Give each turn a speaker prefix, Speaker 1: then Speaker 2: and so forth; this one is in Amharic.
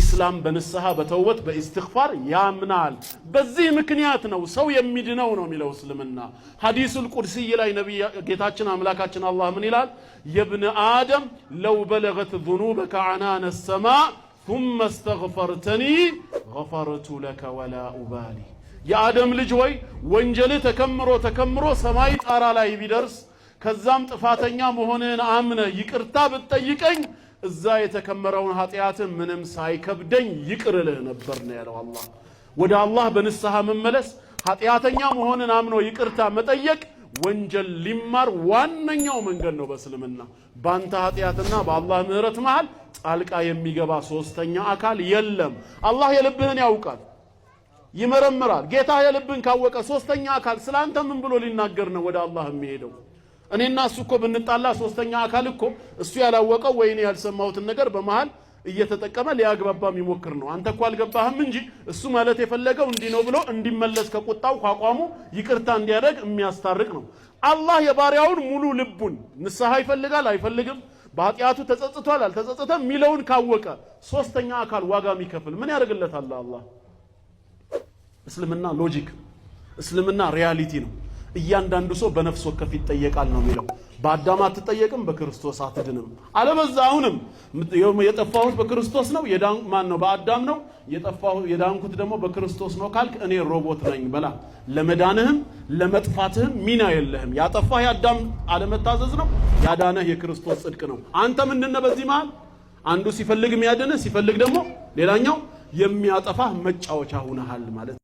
Speaker 1: ኢስላም በንስሐ በተውበት በኢስትግፋር ያምናል። በዚህ ምክንያት ነው ሰው የሚድነው ነው የሚለው እስልምና። ሐዲሱል ቁድስይ ላይ ነብይ ጌታችን አምላካችን አላህ ምን ይላል? የብነ አደም ለው በለገት ዙኑበከ አናነ ሰማ ثم استغفرتني غفرت لك ولا أبالي የአደም ልጅ ወይ ወንጀልህ ተከምሮ ተከምሮ ሰማይ ጣራ ላይ ቢደርስ ከዛም ጥፋተኛ መሆንህን አምነ ይቅርታ ብትጠይቀኝ እዛ የተከመረውን ኃጢአትን ምንም ሳይከብደኝ ይቅርልህ ነበር ነው ያለው። አላህ ወደ አላህ በንስሐ መመለስ ኃጢአተኛ መሆንን አምኖ ይቅርታ መጠየቅ ወንጀል ሊማር ዋነኛው መንገድ ነው በእስልምና። በአንተ ኃጢአትና በአላህ ምሕረት መሃል ጣልቃ የሚገባ ሶስተኛ አካል የለም። አላህ የልብህን ያውቃል፣ ይመረምራል። ጌታ የልብህን ካወቀ ሶስተኛ አካል ስለ አንተ ምን ብሎ ሊናገር ነው ወደ አላህ የሚሄደው? እኔና እሱ እኮ ብንጣላ ሶስተኛ አካል እኮ እሱ ያላወቀው ወይ እኔ ያልሰማሁትን ነገር በመሃል እየተጠቀመ ሊያግባባ የሚሞክር ነው። አንተ እኮ አልገባህም እንጂ እሱ ማለት የፈለገው እንዲህ ነው ብሎ እንዲመለስ ከቁጣው ከአቋሙ ይቅርታ እንዲያደርግ የሚያስታርቅ ነው። አላህ የባሪያውን ሙሉ ልቡን ንስሐ ይፈልጋል አይፈልግም፣ በኃጢአቱ ተጸጽቷል አልተጸጸተም የሚለውን ካወቀ ሶስተኛ አካል ዋጋ የሚከፍል ምን ያደርግለታል? አላህ
Speaker 2: እስልምና ሎጂክ፣ እስልምና ሪያሊቲ ነው። እያንዳንዱ ሰው በነፍስ ወከፍ ይጠየቃል ነው የሚለው። በአዳም አትጠየቅም፣ በክርስቶስ አትድንም። አለበዛ አሁንም የጠፋሁት በክርስቶስ ነው የዳን ማን ነው? በአዳም ነው የዳንኩት ደግሞ በክርስቶስ ነው ካልክ እኔ ሮቦት ነኝ በላ። ለመዳንህም ለመጥፋትህም ሚና የለህም። ያጠፋህ የአዳም አለመታዘዝ ነው፣ ያዳነህ የክርስቶስ ጽድቅ ነው። አንተ ምንድነ በዚህ መሃል? አንዱ ሲፈልግ የሚያድንህ ሲፈልግ ደግሞ ሌላኛው የሚያጠፋህ መጫወቻ ሁነሃል ማለት